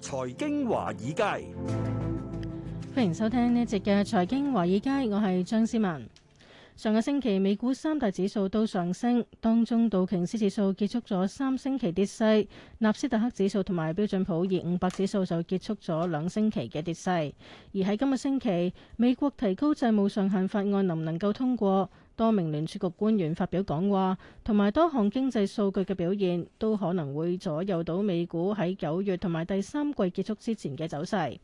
財經華爾街，歡迎收聽呢一節嘅財經華爾街，我係張思文。上個星期美股三大指數都上升，當中道瓊斯指數結束咗三星期跌勢，納斯達克指數同埋標準普爾五百指數就結束咗兩星期嘅跌勢。而喺今個星期，美國提高債務上限法案能唔能夠通過？多名聯儲局官員發表講話，同埋多項經濟數據嘅表現，都可能會左右到美股喺九月同埋第三季結束之前嘅走勢。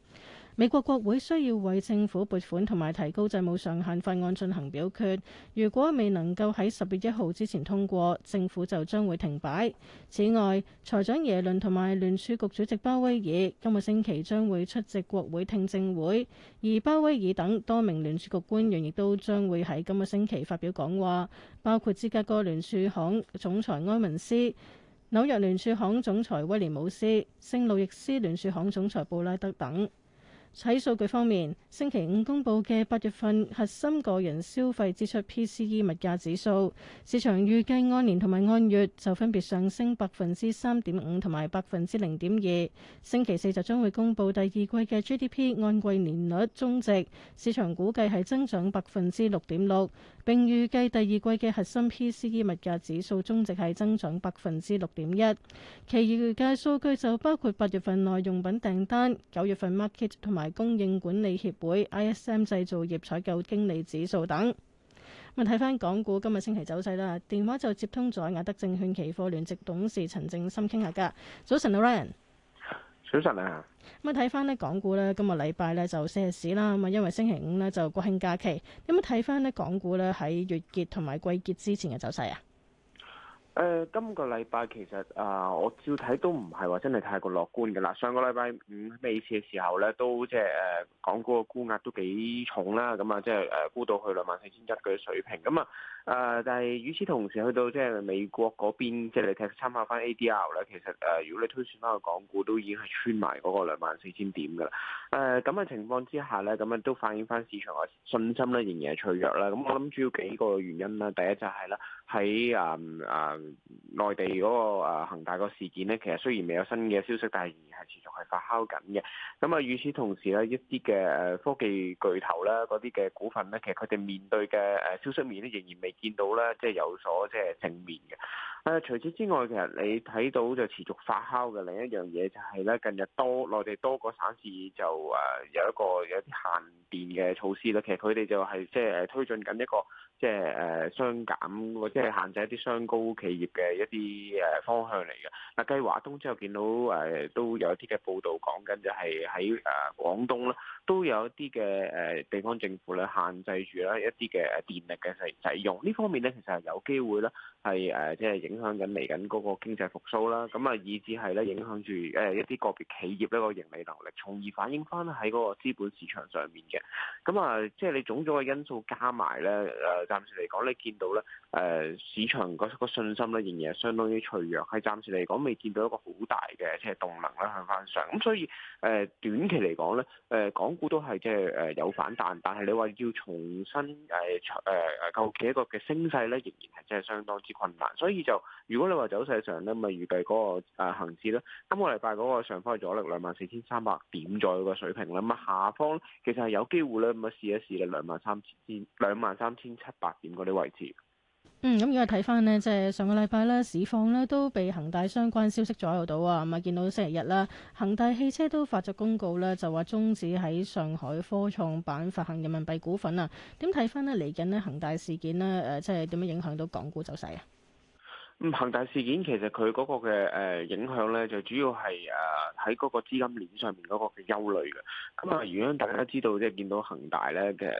美國國會需要為政府撥款同埋提高債務上限法案進行表決。如果未能夠喺十月一號之前通過，政府就將會停擺。此外，財長耶倫同埋聯儲局主席鮑威爾今個星期將會出席國會聽證會，而鮑威爾等多名聯儲局官員亦都將會喺今個星期發表講話，包括芝加哥聯儲行總裁埃文斯、紐約聯儲行總裁威廉姆斯、聖路易斯聯儲行總裁布拉德等。喺數據方面，星期五公佈嘅八月份核心個人消費支出 PCE 物價指數，市場預計按年同埋按月就分別上升百分之三點五同埋百分之零點二。星期四就將會公佈第二季嘅 GDP 按季年率終值，市場估計係增長百分之六點六。並預計第二季嘅核心 PCE 物價指數終值係增長百分之六點一。其餘預計數據就包括八月份內用品訂單、九月份 market 同埋供應管理協會 ISM 製造業採購經理指數等。咁睇翻港股今日星期走勢啦，電話就接通咗亞德證券期貨聯席董事陳正森傾下㗎。早晨，阿 Ryan。早晨啊！咁啊，睇翻呢港股呢，今日禮拜呢就星期四啦。咁啊，因為星期五呢就國慶假期。有冇睇翻呢港股呢？喺月結同埋季結之前嘅走勢啊！誒、呃，今個禮拜其實啊、呃，我照睇都唔係話真係太過樂觀嘅啦。上個禮拜五尾市嘅時候咧，都即係誒，港股嘅沽壓都幾重啦。咁、嗯、啊，即係誒沽到去兩萬四千一嗰啲水平。咁、嗯、啊，誒、呃，但係與此同時，去到即係美國嗰邊，即、就、係、是、你睇參考翻 ADR 咧，其實誒、呃，如果你推算翻個港股都已經係穿埋嗰個兩萬四千點㗎啦。誒、呃，咁嘅情況之下咧，咁啊都反映翻市場嘅信心咧仍然係脆弱啦。咁、嗯、我諗主要幾個原因啦，第一就係、是、啦。喺誒誒內地嗰、那個恒、呃、大個事件呢，其實雖然未有新嘅消息，但係仍然係持續係發酵緊嘅。咁啊，與此同時呢，一啲嘅誒科技巨頭啦，嗰啲嘅股份呢，其實佢哋面對嘅誒消息面呢，仍然未見到咧，即係有所即係正面嘅。誒、呃、除此之外，其實你睇到就持續發酵嘅另一樣嘢就係咧，近日多內地多個省市就誒有一個有啲限電嘅措施啦。其實佢哋就係即係推進緊一個即係誒雙減或者。即係限制一啲雙高企業嘅一啲誒方向嚟嘅，嗱繼華東之後見到誒、呃、都有一啲嘅報道講緊，就係喺誒廣東啦。都有一啲嘅誒地方政府咧，限制住啦一啲嘅電力嘅使使用呢方面咧，其實係有機會咧，係誒即係影響緊嚟緊嗰個經濟復甦啦，咁啊以致係咧影響住誒一啲個別企業一個盈利能力，從而反映翻喺嗰個資本市場上面嘅。咁啊即係你種種嘅因素加埋咧誒，暫時嚟講，你見到咧誒市場嗰個信心咧仍然係相當於脆弱，係暫時嚟講未見到一個好大嘅即係動能咧向翻上。咁所以誒短期嚟講咧誒講。港股都係即係誒有反彈，但係你話要重新誒誒誒舊嘅一個嘅升勢咧，仍然係即係相當之困難。所以就如果你話走勢上咧，咪啊預計嗰個誒恒指咧，今個禮拜嗰個上方阻力兩萬四千三百點左右嘅水平啦，咁啊下方其實係有機會咧，咁啊試一試你兩萬三千兩萬三千七百點嗰啲位置。嗯，咁如果睇翻呢，即係上個禮拜咧，市況呢都被恒大相關消息左右到啊。咁啊，見到星期日啦，恒大汽車都發咗公告咧，就話終止喺上海科創板發行人民幣股份啊。點睇翻呢？嚟緊呢，恒大事件呢，誒，即係點樣影響到港股走勢啊？咁恒大事件其實佢嗰個嘅誒影響咧，就主要係誒喺嗰個資金鏈上面嗰個嘅憂慮嘅。咁啊，如果大家知道即係見到恒大咧，嘅。誒。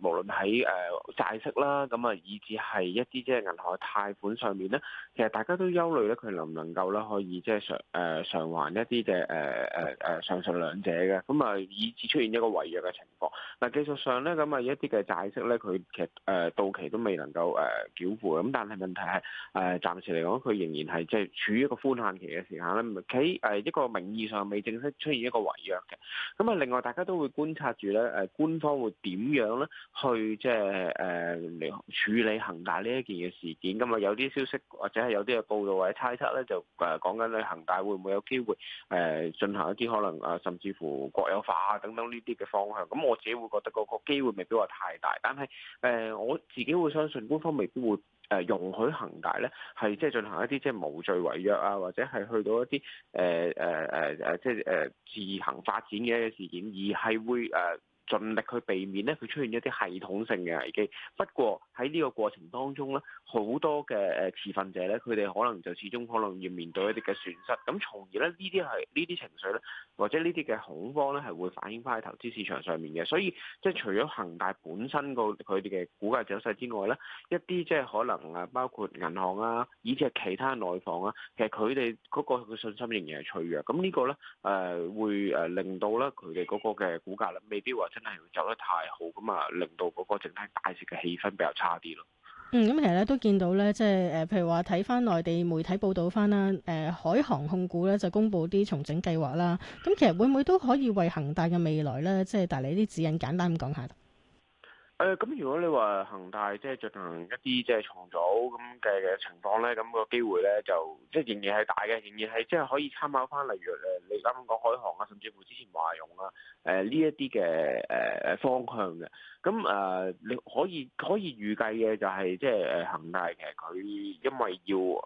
無論喺誒債息啦，咁啊，以至係一啲即係銀行嘅貸款上面咧，其實大家都憂慮咧，佢能唔能夠咧可以即係償誒償還一啲嘅誒誒誒上述兩者嘅，咁啊，以至出現一個違約嘅情況。嗱、啊，技術上咧，咁啊，一啲嘅債息咧，佢其實誒、呃、到期都未能夠誒繳付，咁但係問題係誒、呃、暫時嚟講，佢仍然係即係處於一個寬限期嘅時間咧，喺誒一個名義上未正式出現一個違約嘅。咁啊，另外大家都會觀察住咧，誒、呃、官方會點樣咧？去即係誒處理恒大呢一件嘅事件㗎嘛？有啲消息或者係有啲嘅報導或者猜測咧，就誒、呃、講緊咧恒大會唔會有機會誒、呃、進行一啲可能誒甚至乎國有化等等呢啲嘅方向？咁我自己會覺得嗰個機會未必話太大，但係誒、呃、我自己會相信官方未必會誒容許恒大咧係即係進行一啲即係無罪違約啊，或者係去到一啲誒誒誒誒即係誒、呃、自行發展嘅一個事件，而係會誒。呃盡力去避免咧，佢出現一啲系統性嘅危機。不過喺呢個過程當中咧，好多嘅誒持份者咧，佢哋可能就始終可能要面對一啲嘅損失。咁從而咧，呢啲係呢啲情緒咧，或者呢啲嘅恐慌咧，係會反映翻喺投資市場上面嘅。所以即係除咗恒大本身個佢哋嘅股價走勢之外咧，一啲即係可能啊，包括銀行啊，以至其他內房啊，其實佢哋嗰個信心仍然係脆弱。咁呢個咧誒會誒令到咧佢哋嗰個嘅股價咧，未必話。真係走得太好咁啊，令到嗰個整體大市嘅氣氛比較差啲咯。嗯，咁其實咧都見到咧，即係誒、呃，譬如話睇翻內地媒體報道翻啦，誒、呃，海航控股咧就公布啲重整計劃啦。咁、嗯、其實會唔會都可以為恒大嘅未來咧，即係帶嚟啲指引？簡單咁講下。誒咁、嗯，如果你話恒大即係進行一啲即係重組咁嘅嘅情況咧，咁、那個機會咧就即係仍然係大嘅，仍然係即係可以參考翻，例如誒你啱啱講海航啊，甚至乎之前華融啊，誒呢一啲嘅誒誒方向嘅。咁、呃、誒你可以可以預計嘅就係、是、即係誒恒大嘅，佢因為要誒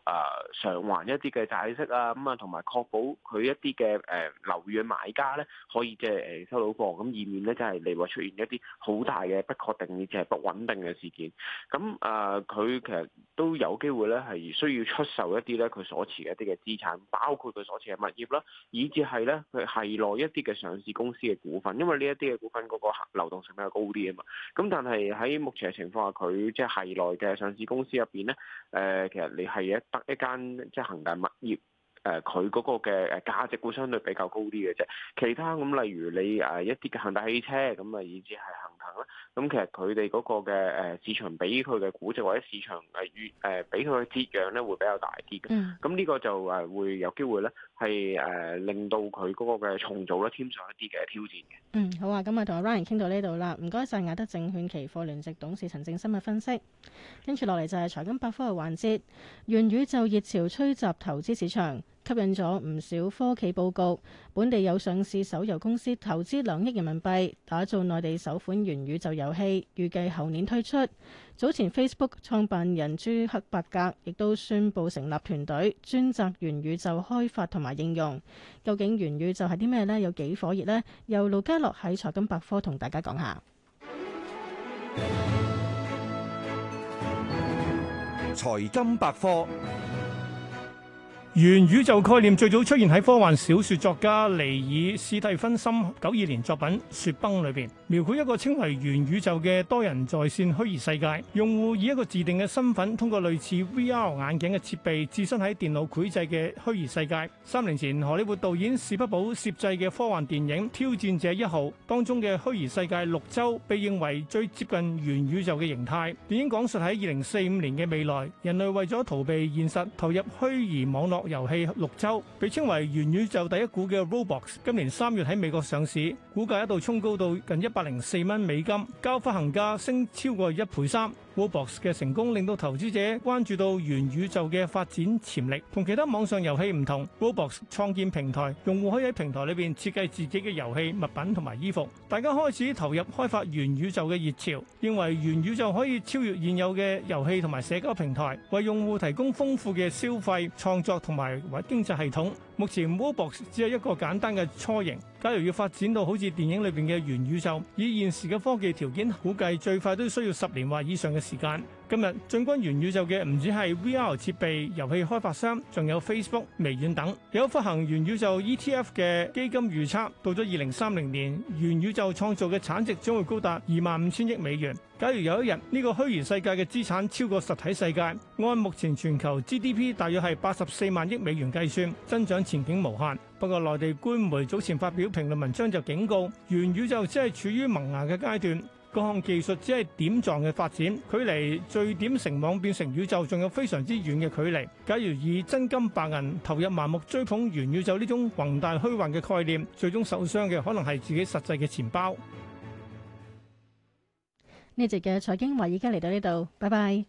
償、呃、還一啲嘅債息啊，咁啊同埋確保佢一啲嘅誒留住買家咧可以即係誒收到貨，咁以免咧就係你話出現一啲好大嘅不確定。其係不穩定嘅事件，咁誒佢其實都有機會咧，係需要出售一啲咧佢所持嘅一啲嘅資產，包括佢所持嘅物業啦，以至係咧佢係內一啲嘅上市公司嘅股份，因為呢一啲嘅股份嗰個流動性比較高啲啊嘛。咁但係喺目前嘅情況下，佢即係係內嘅上市公司入邊咧，誒、呃、其實你係一得一間即係恒大物業。誒佢嗰個嘅誒價值會相對比較高啲嘅啫，其他咁、呃、例如你誒、呃、一啲嘅恒大汽車咁啊、呃，以至係恒騰啦，咁、呃、其實佢哋嗰個嘅誒市場俾佢嘅估值或者市場誒越誒俾佢嘅折讓咧會比較大啲嘅。咁呢個就誒會有機會咧係誒令到佢嗰個嘅重組咧添上一啲嘅挑戰嘅。嗯，嗯，好啊，咁啊同阿 Ryan 傾到呢度啦，唔該晒亞德證券期貨聯席董事陳正深嘅分析。跟住落嚟就係財金百科嘅環節，元宇宙熱潮吹襲投資市場。吸引咗唔少科企報告，本地有上市手遊公司投資兩億人民幣，打造內地首款元宇宙遊戲，預計後年推出。早前 Facebook 創辦人朱克伯格亦都宣布成立團隊，專責元宇宙開發同埋應用。究竟元宇宙係啲咩呢？有幾火熱呢？由盧嘉樂喺財金百科同大家講下。財金百科。元宇宙概念最早出現喺科幻小說作家尼爾史蒂芬森九二年作品《雪崩》裏邊，描繪一個稱為元宇宙嘅多人在線虛擬世界，用戶以一個自定嘅身份，通過類似 VR 眼鏡嘅設備，置身喺電腦繪製嘅虛擬世界。三年前，荷里活導演史匹堡攝製嘅科幻電影《挑戰者一號》當中嘅虛擬世界綠洲，被認為最接近元宇宙嘅形態。電影講述喺二零四五年嘅未來，人類為咗逃避現實，投入虛擬網絡。遊戲綠洲被稱為元宇宙第一股嘅 Roblox，今年三月喺美國上市，股價一度衝高到近一百零四蚊美金，較發行價升超過一倍三。Roblox 嘅成功令到投資者關注到元宇宙嘅發展潛力，同其他網上遊戲唔同。Roblox 創建平台，用戶可以喺平台裏邊設計自己嘅遊戲物品同埋衣服。大家開始投入開發元宇宙嘅熱潮，認為元宇宙可以超越現有嘅遊戲同埋社交平台，為用戶提供豐富嘅消費、創作同埋經濟系統。目前 Roblox 只係一個簡單嘅雛形。假如要發展到好似電影裏邊嘅元宇宙，以現時嘅科技條件，估計最快都需要十年或以上嘅時間。今日進軍元宇宙嘅唔止係 VR 設備、遊戲開發商，仲有 Facebook、微軟等。有發行元宇宙 ETF 嘅基金預測，到咗二零三零年，元宇宙創造嘅產值將會高達二萬五千億美元。假如有一日呢個虛擬世界嘅資產超過實體世界，按目前全球 GDP 大約係八十四萬億美元計算，增長前景無限。不過，內地官媒早前發表評論文章就警告，元宇宙只係處於萌芽嘅階段。各項技術只係點狀嘅發展，距離聚點成網變成宇宙仲有非常之遠嘅距離。假如以真金白銀投入盲目追捧元宇宙呢種宏大虛幻嘅概念，最終受傷嘅可能係自己實際嘅錢包。呢集嘅財經話，已經嚟到呢度，拜拜。